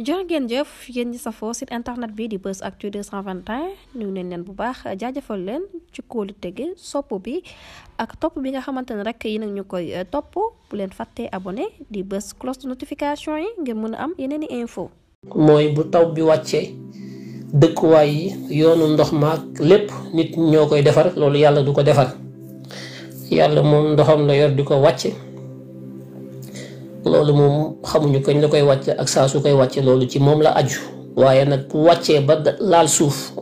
jërë ngeen jëf yéen sa safoo site internet bi di Buzz Actu 221 ñu neen leen bu baax leen ci kóolu tege sopp bi ak topp bi nga xamante ne rek yi nag ñu koy eh, topp bu leen fàttee abone di bës cloche de notification yi ngir mën a am yeneen i info mooy bu taw bi wàcce dëkkuwaay yi yoonu ndox ma ak lépp nit ñoo koy defar loolu yàlla du ko defar yàlla moom ndoxam la yor di ko wàcce loolu moom xamuñu kañ la koy wàcc ak saa su koy wàcce loolu ci moom la aju waaye nag bu wàccee ba laal suuf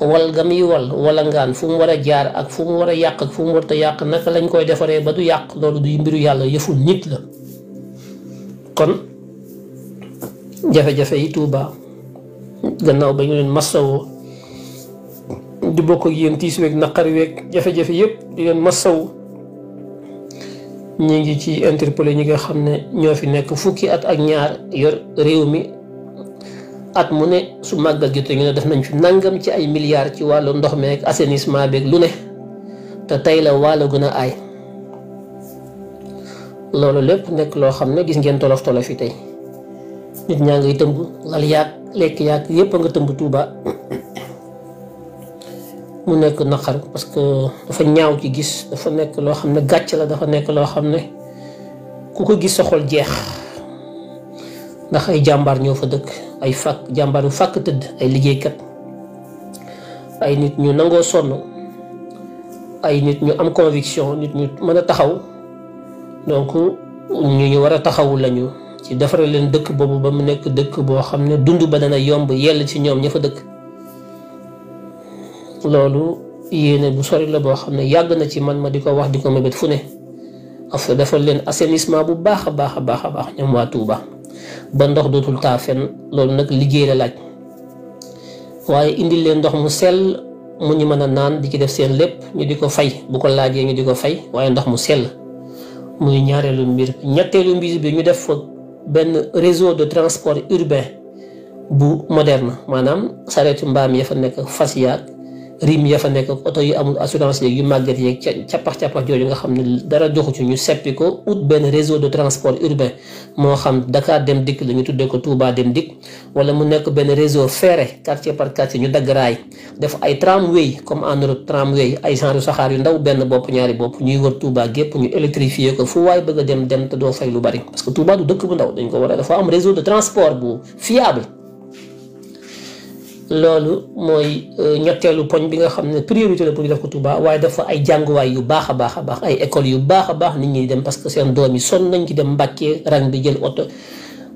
wal ga muy wal wala ngaan fu mu war a jaar ak fu mu war a yàq ak fu mu war yàq naka lañ koy defaree ba du yàq loolu du mbiru yàlla yëful nit la kon jafe-jafe yi Tuuba gannaaw ba ñu leen massawoo di bokk ak yéen tiis weeg naqar weeg jafe-jafe yëpp di leen massaw ñi ngi ci interpellé ñi nga xam ne ñoo fi nekk fukki at ak ñaar yor réew mi at mu ne su màggal jotee ñu ne def nañ fi nangam ci ay milliards ci wàllu ndox meeg assainissement beeg lu ne te tey la wàllu gën a ay loolu lépp nekk loo xam ne gis ngeen tolof tolof yi tey nit ñaa ngay tëmb lal yaag lekk yaag yépp a nga tëmb Tuuba mu nekk naqar parce que dafa ñaaw ci gis dafa nekk loo xam ne gàcc la dafa nekk loo xam ne ku ko gis sa xol jeex ndax ay jàmbar ñoo fa dëkk ay fàkk jàmbaar yu fàkk tëdd ay liggéeykat ay nit ñu nangoo sonn ay nit ñu am conviction nit ñu mën a taxaw donc ñu ñu war a taxawu lañu ci defaree leen dëkk boobu ba mu nekk dëkk boo xam ne dund ba dana yomb yell ci ñoom ña fa dëkk loolu yéene bu sori la boo xam ne yàgg na ci man ma di ko wax di ko mébét fu ne af defal leen assainissement bu baax a baax a baax a baax ñoom waa Touba ba ndox dootul taa fenn loolu nag liggéey la laaj waaye indi leen ndox mu sell mu ñu mën a naan di ci def seen lépp ñu di ko fay bu ko laajee ñu di ko fay waaye ndox mu sell muy ñaareelu mbir ñetteelu mbir bi ñu def fa benn réseau de transport urbain bu moderne maanaam sareetu mbaam ya fa nekk fas yaag rim ya fa nekk oto yu amul assurance yeeg yu màgget yi cappax cappax jooju nga xam ne dara joxu ci ñu seppi ko ut benn réseau de transport urbain moo xam Dakar dem dikk la ñu tuddee ko Touba dem dikk wala mu nekk benn réseau ferré quartier par quartier ñu dagg raay def ay tramway comme en Europe tramway ay genre saxaar yu ndaw benn bopp ñaari bopp ñuy wër Touba gépp ñu électrifier ko fu waay bëgg a dem dem te doo fay lu bari parce que Touba du dëkk bu ndaw dañ ko war a dafa am réseau de transport bu fiable. loolu mooy euh, ñetteelu poñ bi nga xam ne priorité la pour ñu def ko Touba waaye dafa ay jànguwaay yu baax a baax a baax ay école yu baax a baax nit ñi dem parce que seen doom yi sonn nañ ci dem Mbàkke rang bi jël oto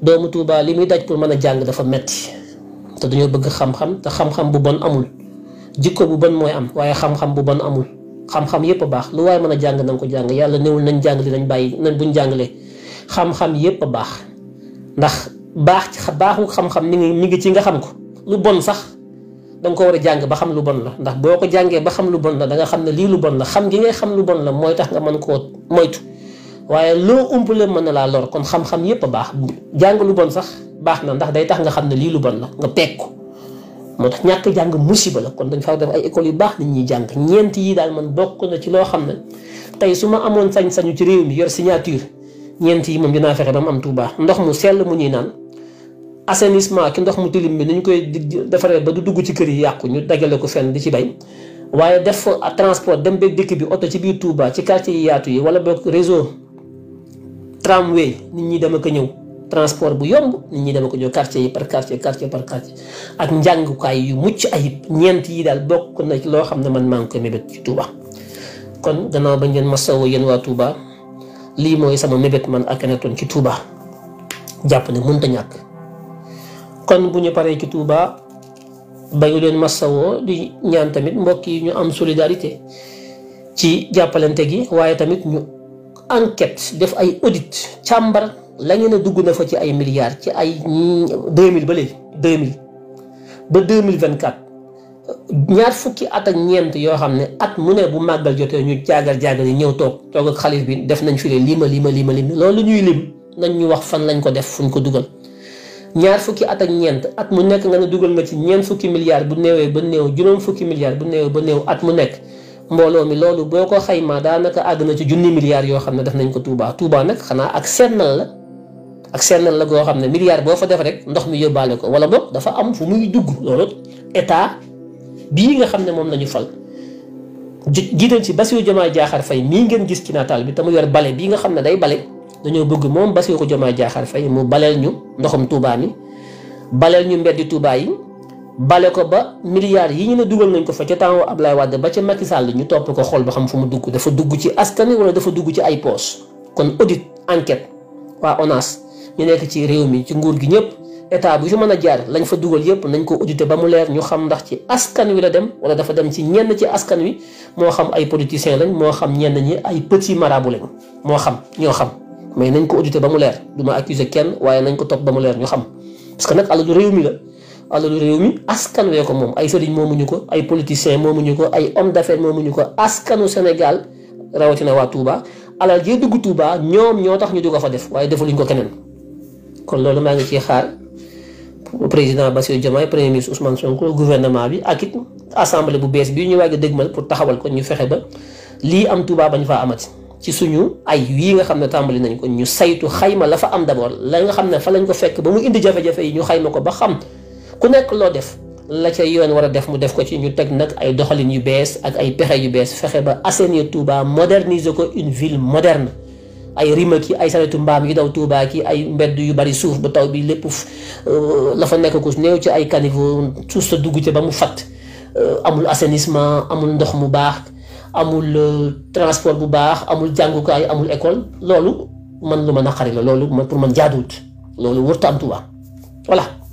doomu Touba li muy daj pour mën a jàng dafa metti te dañoo bëgg xam-xam te xam bu bon amul jikko bu bon mooy am waaye xam-xam bu bon amul xam-xam yëpp a baax lu waaye mën a jàng na ko jàng yàlla néewul nañ jàng li nañ bàyyi nañ buñ jàngalee xam-xam yëpp a baax ndax baax ci baaxu xam-xam ni ci nga xam ko lu bon sax da ko war a jàng ba xam lu bon la ndax boo ko jàngee ba xam lu bon la da nga xam ne lii lu bon la xam gi ngay xam lu bon la mooy tax nga mën koo moytu waaye loo umpale mën na laa lor kon xam-xam a baax jàng lu bon sax baax na ndax day tax nga xam ne lii lu bon la nga peeg ko moo tax ñàkk jàng musiba la kon dañ faa def ay école yu baax nit ñuy jàng ñeent yi daal man bokk na ci loo xam ne tey su ma amoon sañ-sañu ci réew mi yor signature ñeent yi moom dinaa fexe ba mu am Tuubaa ndox mu sell mu ñuy naan assainissement ki ndox mu tilim bi ni ñu koy defaree ba du dugg ci kër yi yàqu ñu dajale ko fenn di ci bay waaye def transport dem ba dikk bi oto ci biir Touba ci quartier yi yaatu yi wala boog réseau tramway nit ñi dama ko ñëw transport bu yomb nit ñi dama ko ñëw quartier yi par quartier quartier par quartier ak njàngukaay yu mucc ayib ñeent yi daal bokk na ci loo xam ne man maa ngi koy mébét ci Touba kon gannaaw bañ ma soow yéen waa Touba lii mooy sama mébét man ak Akhenaton ci Touba jàpp ne mënta ñàkk. kon bu ñu paree ci Touba bayu leen massawoo di ñaan tamit mbokk yi ñu am solidarité ci jàppalante gi waaye tamit ñu enquête def ay audit càmbar la ngeen a dugg na fa ci ay milliards ci ay 2000 ba léegi 2000 ba 2024 ñaar fukki at ak ñeent yoo xam ne at mu ne bu màggal jotee ñu jaagar jaagar yi ñëw toog toog ak bi def nañ fi leen ma lima lima lima lima loolu ñuy lim nañ ñu wax fan lañ ko def fuñ ko dugal. ñaar fukki at ak ñeent at mu nekk nga ne dugal nga ci ñeent fukki milliards bu néewee ba new juróom fukki milliards bu néewee ba new at mu nekk mbooloo mi loolu boo ko xaymaa daanaka àgg na ci junni milliards yoo xam ne def nañ ko Touba Touba nag ak sennal la ak sennal la goo xam ne milliards boo fa def rek ndox mi yóbbaale ko wala boog dafa am fu muy dugg loolu état bii nga xam ne moom la ñu fal. jiital ci Bassirou jamaa Diakhar Faye mii ngeen gis ci nataal bi te mu yor bale bii nga xam ne day bale. dañoo bëgg moom Bassirou Diomaye Diakhar Faye mu baleel ñu ndoxum Touba mi baleel ñu mbeddi Touba yi bale ko ba milliards yi ñu ne dugal nañ ko fa ca temps Ablaye Wade ba ca Macky Sall ñu topp ko xool ba xam fu mu dugg dafa dugg ci askan wala dafa dugg ci ay poos kon audit enquête waa ONAS ñu nekk ci réew mi ci nguur gi ñëpp état bu fi mën a jaar lañ fa dugal yëpp nañ ko audité ba mu leer ñu xam ndax ci askan wi la dem wala dafa dem ci ñenn ci askan wi moo xam ay politiciens lañ moo xam ñenn ñi ay petits marabout lañ moo xam ñoo xam. mais nañ ko audité ba mu leer du ma accuser kenn waaye nañ ko topp ba mu leer ñu xam parce que nag alalu réew mi la alalu réew mi askan wee ko moom ay sëriñ moomuñu ko ay politiciens moomuñu ko ay homme mu ñu ko askanu Sénégal rawatina waa Touba alal jee dugg Touba ñoom ñoo tax ñu dugg fa def waaye defaluñ ko keneen kon loolu maa ngi ci xaar président Bassirou Diomaye premier ministre Ousmane Sonko gouvernement bi ak it assemblée bu bees bii ñu waaj a dëgmal pour taxawal ko ñu fexe ba lii am Touba bañ faa amati. ci suñu ay yii nga xam ne tàmbali nañ ko ñu saytu xayma la fa am d'abord la nga xam ne fa lañ ko fekk ba mu indi jafe-jafe yi ñu xayma ko ba xam ku nekk loo def la ca yoon war a def mu def ko ci ñu teg nag ay doxalin yu bees ak ay pexe yu bees fexe ba assainir Touba moderniser ko une ville moderne ay rima ki ay saretu mbaam yi daw Touba ki ay mbedd yu bari suuf bu taw bi lépp euh, la fa nekk ko néew ci ay caniveau suuf sa dugg ca ba mu fatt euh, amul assainissement amul ndox mu baax amul euh, transport bu baax amul jàngukaay amul école loolu man lu ma naqari la loolu pour man jaaduwut loolu wërta am Tuuba voilà